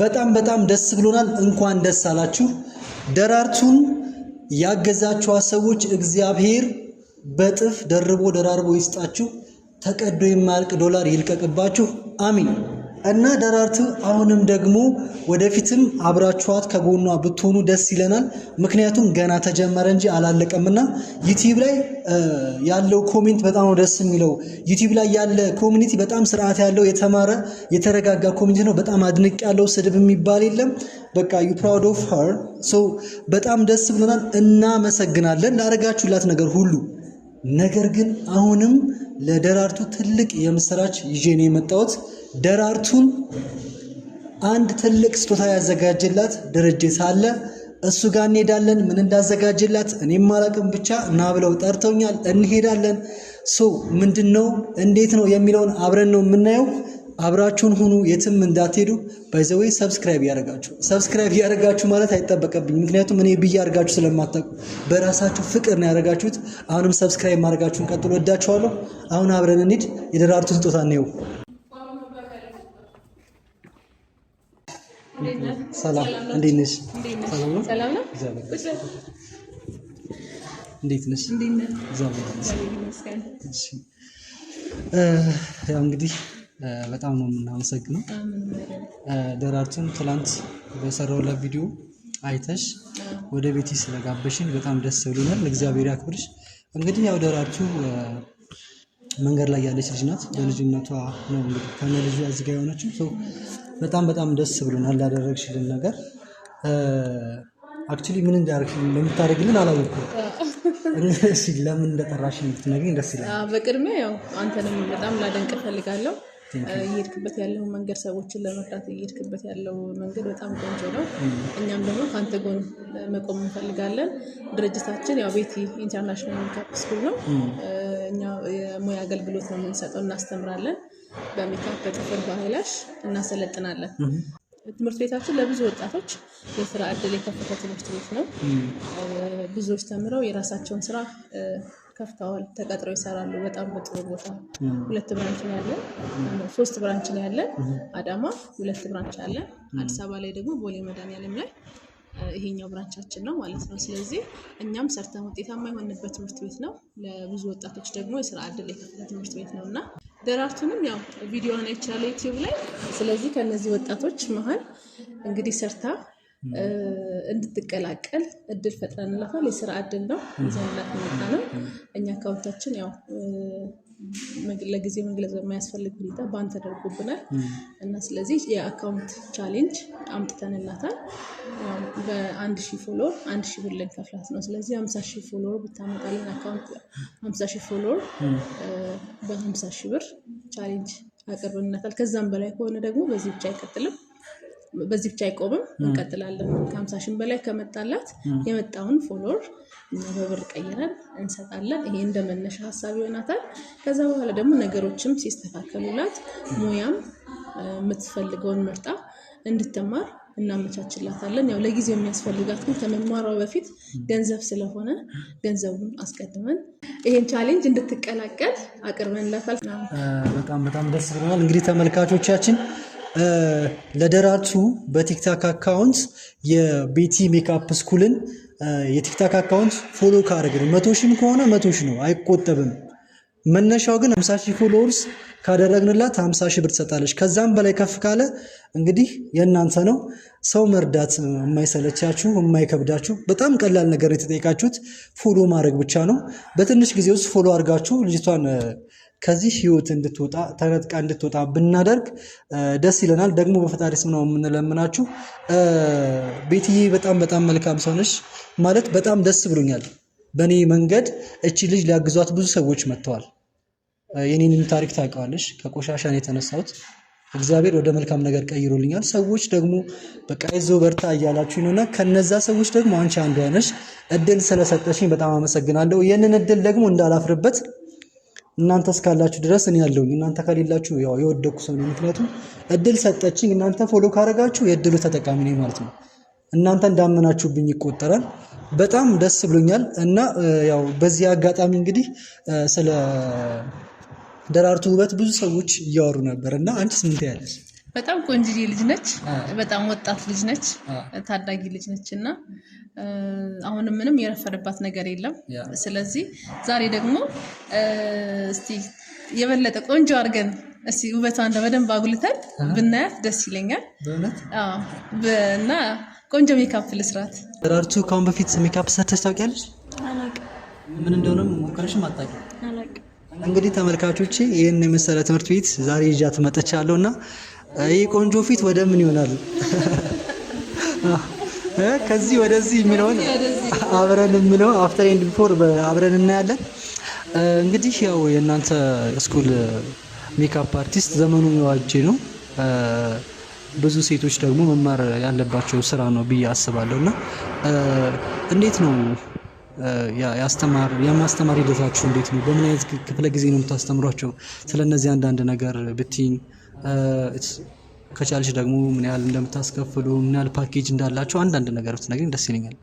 በጣም በጣም ደስ ብሎናል። እንኳን ደስ አላችሁ። ደራርቱን ያገዛችኋ ሰዎች እግዚአብሔር በጥፍ ደርቦ ደራርቦ ይስጣችሁ። ተቀዶ የማያልቅ ዶላር ይልቀቅባችሁ። አሚን። እና ደራርቱ አሁንም ደግሞ ወደፊትም አብራችኋት ከጎኗ ብትሆኑ ደስ ይለናል። ምክንያቱም ገና ተጀመረ እንጂ አላለቀምና ዩቲዩብ ላይ ያለው ኮሜንት በጣም ነው ደስ የሚለው። ዩቲዩብ ላይ ያለ ኮሚኒቲ በጣም ስርዓት ያለው የተማረ የተረጋጋ ኮሚኒቲ ነው። በጣም አድንቅ ያለው ስድብ የሚባል የለም። በቃ ዩ ፕራውድ ኦፍ ሀር። በጣም ደስ ብሎናል። እናመሰግናለን ላደረጋችሁላት ነገር ሁሉ ነገር ግን አሁንም ለደራርቱ ትልቅ የምስራች ይዤ ነው የመጣሁት። ደራርቱን አንድ ትልቅ ስጦታ ያዘጋጀላት ድርጅት አለ። እሱ ጋር እንሄዳለን። ምን እንዳዘጋጀላት እኔም አላቅም፣ ብቻ እና ብለው ጠርተውኛል። እንሄዳለን። ሶ ምንድን ነው እንዴት ነው የሚለውን አብረን ነው የምናየው። አብራችሁን ሁኑ፣ የትም እንዳትሄዱ። ባይዘወይ ሰብስክራይብ ያደርጋችሁ ሰብስክራይብ ያደርጋችሁ ማለት አይጠበቅብኝ፣ ምክንያቱም እኔ ብዬ አድርጋችሁ ስለማታውቁ በራሳችሁ ፍቅር ነው ያደርጋችሁት። አሁንም ሰብስክራይብ ማድረጋችሁን ቀጥሎ ወዳችኋለሁ። አሁን አብረን እንሂድ፣ የደራርቱ ስጦታ ነው። ሰላም፣ እንዴት ነሽ? ሰላም ነው። እንዴት ነሽ? እንዴት ነሽ? እግዚአብሔር ይመስገን። እሺ፣ ያው እንግዲህ በጣም ነው የምናመሰግነው። ደራርቱን ትላንት በሰራሁላት ቪዲዮ አይተሽ ወደ ቤት ስለጋበሽን በጣም ደስ ብሎናል። እግዚአብሔር ያክብርሽ። እንግዲህ ያው ደራርቱ መንገድ ላይ ያለች ልጅ ናት። በልጅነቷ ነው እንግዲህ ከነ ልጅ እዚህ ጋር የሆነችው። በጣም በጣም ደስ ብሎናል ላደረግሽልን ነገር። አክቹሊ ምን እንደምታደርግልን አላወኩም። ለምን እንደጠራሽ ብትነግሪኝ ደስ ይላል። በቅድሚያ ያው አንተንም በጣም ላደንቅ እፈልጋለሁ። እየሄድክበት ያለው መንገድ ሰዎችን ለመርዳት እየሄድክበት ያለው መንገድ በጣም ቆንጆ ነው። mm. እኛም ደግሞ ከአንተ ጎን መቆም እንፈልጋለን። ድርጅታችን ያው ቤቲ ኢንተርናሽናል ሜካፕ ስኩል ነው። mm. እኛ የሙያ አገልግሎት ነው የምንሰጠው። እናስተምራለን፣ በሜካፕ በጥፍር፣ በሀይላሽ እናሰለጥናለን። mm-hmm. ትምህርት ቤታችን ለብዙ ወጣቶች የስራ እድል የከፈተ ትምህርት ቤት ነው። mm. ብዙዎች ተምረው የራሳቸውን ስራ ከፍተዋል። ተቀጥረው ይሰራሉ። በጣም በጥሩ ቦታ ሁለት ብራንች ነው ያለን፣ ሶስት ብራንች ነው ያለን። አዳማ ሁለት ብራንች አለን። አዲስ አበባ ላይ ደግሞ ቦሌ መድኃኒዓለም ላይ ይሄኛው ብራንቻችን ነው ማለት ነው። ስለዚህ እኛም ሰርተን ውጤታማ የሆንበት ትምህርት ቤት ነው። ለብዙ ወጣቶች ደግሞ የስራ እድል የከፈተ ትምህርት ቤት ነው እና ደራርቱንም ያው ቪዲዮዋን ይችላለ ዩቲዩብ ላይ። ስለዚህ ከእነዚህ ወጣቶች መሀል እንግዲህ ሰርታ እንድትቀላቀል እድል ፈጥረንላታል። የስራ እድል ነው ይዘንላት የመጣ ነው። እኛ አካውንታችን ያው ለጊዜ መግለጽ በማያስፈልግ ሁኔታ ባን ተደርጎብናል እና ስለዚህ የአካውንት ቻሌንጅ አምጥተንላታል። በአንድ ሺህ ፎሎወር አንድ ሺህ ብር ልንከፍላት ነው። ስለዚህ ሀምሳ ሺህ ፎሎወር ብታመጣልን አካውንት ሀምሳ ሺህ ፎሎወር በሀምሳ ሺህ ብር ቻሌንጅ አቅርብንላታል። ከዛም በላይ ከሆነ ደግሞ በዚህ ብቻ አይቀጥልም በዚህ ብቻ አይቆምም፣ እንቀጥላለን። ከሀምሳ ሺህ በላይ ከመጣላት የመጣውን ፎሎወር በብር ቀይረን እንሰጣለን። ይሄ እንደ መነሻ ሀሳብ ይሆናታል። ከዛ በኋላ ደግሞ ነገሮችም ሲስተካከሉላት ሙያም የምትፈልገውን ምርጣ እንድትማር እናመቻችላታለን። ያው ለጊዜው የሚያስፈልጋት ግን ከመማሯ በፊት ገንዘብ ስለሆነ ገንዘቡን አስቀድመን ይሄን ቻሌንጅ እንድትቀላቀል አቅርበንላታል። በጣም በጣም ደስ ብለናል። እንግዲህ ተመልካቾቻችን ለደራርቱ በቲክታክ አካውንት የቤቲ ሜካፕ ስኩልን የቲክታክ አካውንት ፎሎ ካደረግ ነው መቶ ሺህም ከሆነ መቶ ሺህ ነው አይቆጠብም። መነሻው ግን 50 ሺህ ፎሎወርስ ካደረግንላት 50 ሺህ ብር ትሰጣለች። ከዛም በላይ ከፍ ካለ እንግዲህ የእናንተ ነው። ሰው መርዳት የማይሰለቻችሁ የማይከብዳችሁ በጣም ቀላል ነገር የተጠየቃችሁት ፎሎ ማድረግ ብቻ ነው። በትንሽ ጊዜ ውስጥ ፎሎ አድርጋችሁ ልጅቷን ከዚህ ህይወት እንድትወጣ ተረጥቃ እንድትወጣ ብናደርግ ደስ ይለናል። ደግሞ በፈጣሪ ስም ነው የምንለምናችሁ። ቤትዬ በጣም በጣም መልካም ሰው ማለት በጣም ደስ ብሎኛል። በእኔ መንገድ እቺ ልጅ ሊያግዟት ብዙ ሰዎች መጥተዋል። የኔንም ታሪክ ታውቀዋለሽ። ከቆሻሻ ነው የተነሳሁት። እግዚአብሔር ወደ መልካም ነገር ቀይሮልኛል። ሰዎች ደግሞ በቃ ይዞ በርታ እያላችሁ ነውና ከነዛ ሰዎች ደግሞ አንቺ አንዷ ነሽ። እድል ስለሰጠሽኝ በጣም አመሰግናለሁ። ይህንን እድል ደግሞ እንዳላፍርበት እናንተ እስካላችሁ ድረስ እኔ ያለው እናንተ ከሌላችሁ ያው የወደኩ ሰው ነው። ምክንያቱም እድል ሰጠችኝ። እናንተ ፎሎ ካረጋችሁ የእድሉ ተጠቃሚ ነኝ ማለት ነው። እናንተ እንዳመናችሁብኝ ይቆጠራል። በጣም ደስ ብሎኛል እና ያው በዚህ አጋጣሚ እንግዲህ ስለ ደራርቱ ውበት ብዙ ሰዎች እያወሩ ነበር እና አንቺስ ምን ትያለሽ? በጣም ቆንጅዬ ልጅ ነች። በጣም ወጣት ልጅ ነች። ታዳጊ ልጅ ነች እና አሁንም ምንም የረፈደባት ነገር የለም። ስለዚህ ዛሬ ደግሞ እስቲ የበለጠ ቆንጆ አድርገን እስቲ ውበቷን በደንብ አጉልተን ብናያት ደስ ይለኛል እና ቆንጆ ሜካፕ ልስራት። ራርቹ ከአሁን በፊት ሜካፕ ሰርተሽ ታውቂያለሽ? ምን እንደሆነም ሞከረሽም አታውቂም። እንግዲህ ተመልካቾች ይህን የመሰለ ትምህርት ቤት ዛሬ ይዣት መጥቻለሁ እና ይህ ቆንጆ ፊት ወደ ምን ይሆናል? ከዚህ ወደዚህ የሚለውን አብረን የሚለው አፍተር ኤንድ ቢፎር አብረን እናያለን። እንግዲህ ያው የእናንተ ስኩል ሜካፕ አርቲስት ዘመኑ የዋጀ ነው። ብዙ ሴቶች ደግሞ መማር ያለባቸው ስራ ነው ብዬ አስባለሁ። እና እንዴት ነው ያስተማር የማስተማር ሂደታችሁ እንዴት ነው? በምን አይነት ክፍለ ጊዜ ነው የምታስተምሯቸው? ስለነዚህ አንዳንድ ነገር ብትይኝ ከቻልሽ ደግሞ ምን ያህል እንደምታስከፍሉ ምን ያህል ፓኬጅ እንዳላቸው አንዳንድ ነገር ብትነግሪኝ ደስ ይለኛል።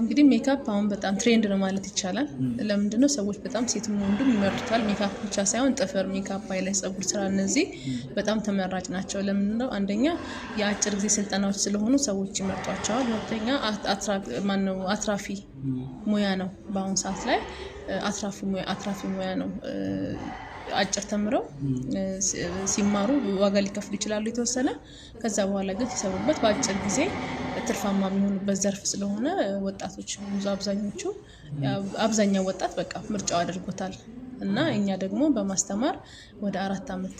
እንግዲህ ሜካፕ አሁን በጣም ትሬንድ ነው ማለት ይቻላል። ለምንድነው ሰዎች በጣም ሴትም ወንዱም ይመርጡታል። ሜካፕ ብቻ ሳይሆን ጥፍር፣ ሜካፕ፣ አይለ ጸጉር ስራ እነዚህ በጣም ተመራጭ ናቸው። ለምንድነው አንደኛ የአጭር ጊዜ ስልጠናዎች ስለሆኑ ሰዎች ይመርጧቸዋል። ሁለተኛ ማነው አትራፊ ሙያ ነው። በአሁኑ ሰዓት ላይ አትራፊ ሙያ ነው። አጭር ተምረው ሲማሩ ዋጋ ሊከፍሉ ይችላሉ የተወሰነ። ከዛ በኋላ ግን ሲሰሩበት በአጭር ጊዜ ትርፋማ የሚሆኑበት ዘርፍ ስለሆነ ወጣቶች ብዙ አብዛኞቹ አብዛኛው ወጣት በቃ ምርጫው አድርጎታል። እና እኛ ደግሞ በማስተማር ወደ አራት ዓመት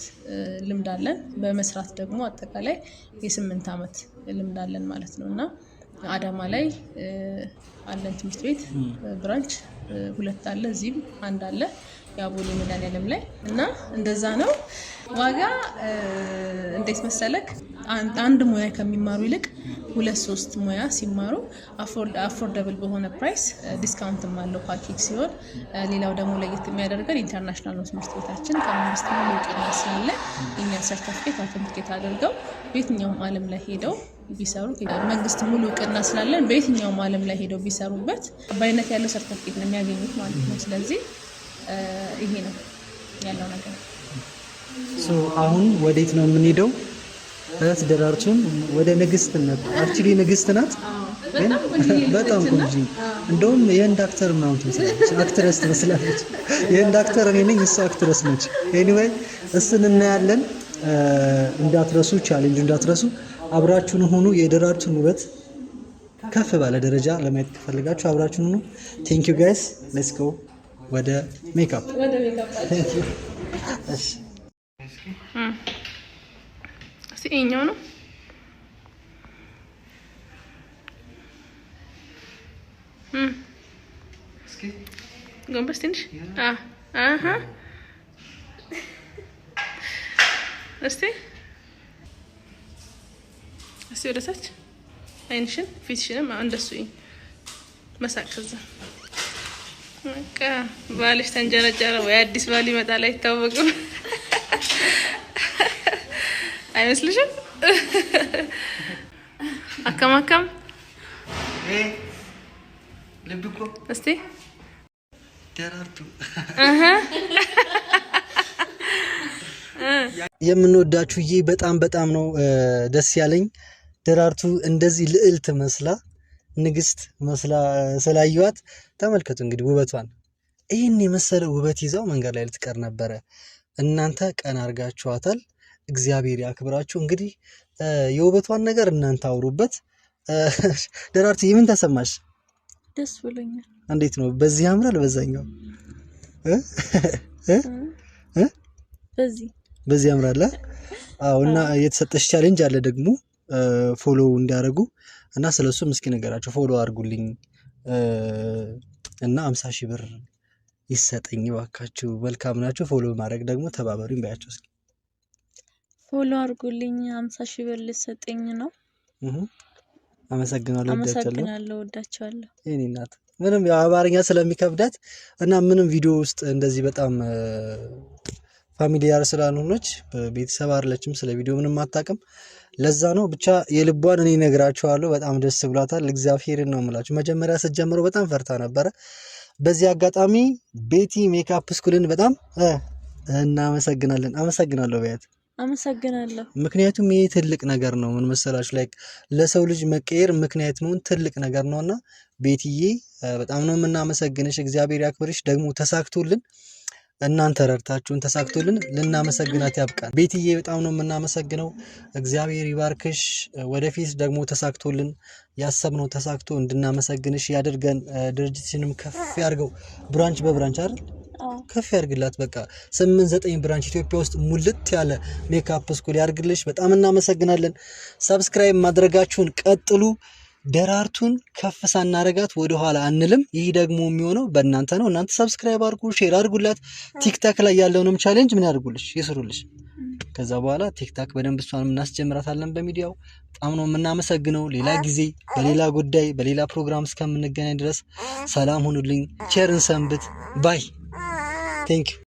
ልምድ አለን። በመስራት ደግሞ አጠቃላይ የስምንት ዓመት ልምድ አለን ማለት ነው። እና አዳማ ላይ አለን ትምህርት ቤት ብራንች ሁለት አለ፣ እዚህም አንድ አለ። የአቦሌ መድኃኒዓለም ላይ እና እንደዛ ነው ዋጋ እንዴት መሰለክ አንድ ሙያ ከሚማሩ ይልቅ ሁለት ሶስት ሙያ ሲማሩ አፎርደብል በሆነ ፕራይስ ዲስካውንትም አለው ፓኬጅ ሲሆን፣ ሌላው ደግሞ ለየት የሚያደርገን ኢንተርናሽናል ነው ትምህርት ቤታችን ከመንግስት ሙሉ እውቅና ስላለ የእኛን ሰርተፍኬት አውተንቲኬት አድርገው በየትኛውም ዓለም ላይ ሄደው ቢሰሩ መንግስት ሙሉ እውቅና ስላለን በየትኛውም ዓለም ላይ ሄደው ቢሰሩበት በአይነት ያለው ሰርተፍኬት ነው የሚያገኙት ማለት ነው። ስለዚህ ይሄ ነው ያለው ነገር። ሶ አሁን ወዴት ነው የምንሄደው? እህት ደራርቱም ወደ ንግስትነት አክቹሊ ንግስት ናት። በጣም ቆንጆ እንደውም የህንድ አክተር ምናምን ትመስላለች፣ አክትረስ ትመስላለች። የህንድ አክተር እኔ ነኝ፣ እሷ አክትረስ ነች። ኤኒዌይ እስን እናያለን። እንዳትረሱ፣ ቻሌንጁ እንዳትረሱ፣ አብራችሁን ሆኑ። የደራርቱን ውበት ከፍ ባለ ደረጃ ለማየት ከፈለጋችሁ አብራችሁን ሆኑ። ቴንክ ዩ ጋይስ ሌትስ ጎ ወደ ሜካፕ ይኸኛው ነው። ጎንበስ ትንሽ እስቲ እስቲ ወደ ታች አይንሽን ፊትሽንም እንደሱ መሳቅ ከዛ በቃ ባልሽ ተንጀረጀረ ወይ አዲስ ባል ይመጣል አይታወቅም። አይመስልሽም? አከም አከም ልብ እኮ እስቲ የምንወዳችሁ ይህ በጣም በጣም ነው ደስ ያለኝ። ደራርቱ እንደዚህ ልዕልት መስላ ንግስት መስላ ስላየዋት ተመልከቱ እንግዲህ ውበቷን ይህን የመሰለ ውበት ይዘው መንገድ ላይ ልትቀር ነበረ። እናንተ ቀን አድርጋችኋታል፣ እግዚአብሔር ያክብራችሁ። እንግዲህ የውበቷን ነገር እናንተ አውሩበት። ደራርቱ ምን ተሰማሽ? ደስ ብሎኛል። እንዴት ነው? በዚህ ያምራል፣ በዛኛው በዚህ ያምራል። አዎ። እና የተሰጠሽ ቻሌንጅ አለ ደግሞ ፎሎ እንዲያደርጉ እና ስለ ስለሱም እስኪ ነገራቸው ፎሎ አድርጉልኝ እና ሃምሳ ሺህ ብር ይሰጠኝ እባካችሁ መልካም ናቸው። ፎሎ ማድረግ ደግሞ ተባበሩኝ ባያቸው። እስኪ ፎሎ አድርጉልኝ ሃምሳ ሺህ ብር ልሰጠኝ ነው አመሰግናለሁ አመሰግናለሁ ወዳቸዋለሁ የእኔ እናት ምንም አማርኛ ስለሚከብዳት እና ምንም ቪዲዮ ውስጥ እንደዚህ በጣም ፋሚሊያር ስላልሆነች ቤተሰብ አይደለችም ስለ ቪዲዮ ምንም አታውቅም ለዛ ነው ብቻ የልቧን እኔ ነግራቸዋለሁ። በጣም ደስ ብሏታል። እግዚአብሔርን ነው የምላችሁ። መጀመሪያ ስትጀምረው በጣም ፈርታ ነበረ። በዚህ አጋጣሚ ቤቲ ሜካፕ ስኩልን በጣም እናመሰግናለን። አመሰግናለሁ በያት አመሰግናለሁ። ምክንያቱም ይሄ ትልቅ ነገር ነው። ምን መሰላችሁ ላይ ለሰው ልጅ መቀየር ምክንያት መሆን ትልቅ ነገር ነው እና ቤትዬ በጣም ነው የምናመሰግንሽ። እግዚአብሔር ያክብርሽ። ደግሞ ተሳክቶልን እናንተ ረድታችሁን ተሳክቶልን ልናመሰግናት ያብቃን። ቤትዬ በጣም ነው የምናመሰግነው። እግዚአብሔር ይባርክሽ። ወደፊት ደግሞ ተሳክቶልን ያሰብነው ተሳክቶ እንድናመሰግንሽ ያደርገን። ድርጅትሽንም ከፍ ያድርገው። ብራንች በብራንች አይደል ከፍ ያድርግላት። በቃ ስምንት ዘጠኝ ብራንች ኢትዮጵያ ውስጥ ሙልት ያለ ሜካፕ ስኩል ያድርግልሽ። በጣም እናመሰግናለን። ሰብስክራይብ ማድረጋችሁን ቀጥሉ። ደራርቱን ከፍ ሳናረጋት ወደኋላ አንልም። ይህ ደግሞ የሚሆነው በእናንተ ነው። እናንተ ሰብስክራይብ አድርጉ፣ ሼር አድርጉላት። ቲክታክ ላይ ያለውንም ቻሌንጅ ምን ያድርጉልሽ ይስሩልሽ። ከዛ በኋላ ቲክታክ በደንብ እሷን እናስጀምራታለን በሚዲያው። በጣም ነው የምናመሰግነው። ሌላ ጊዜ በሌላ ጉዳይ በሌላ ፕሮግራም እስከምንገናኝ ድረስ ሰላም ሁኑልኝ። ቸርን ሰንብት ባይ ቴንኪው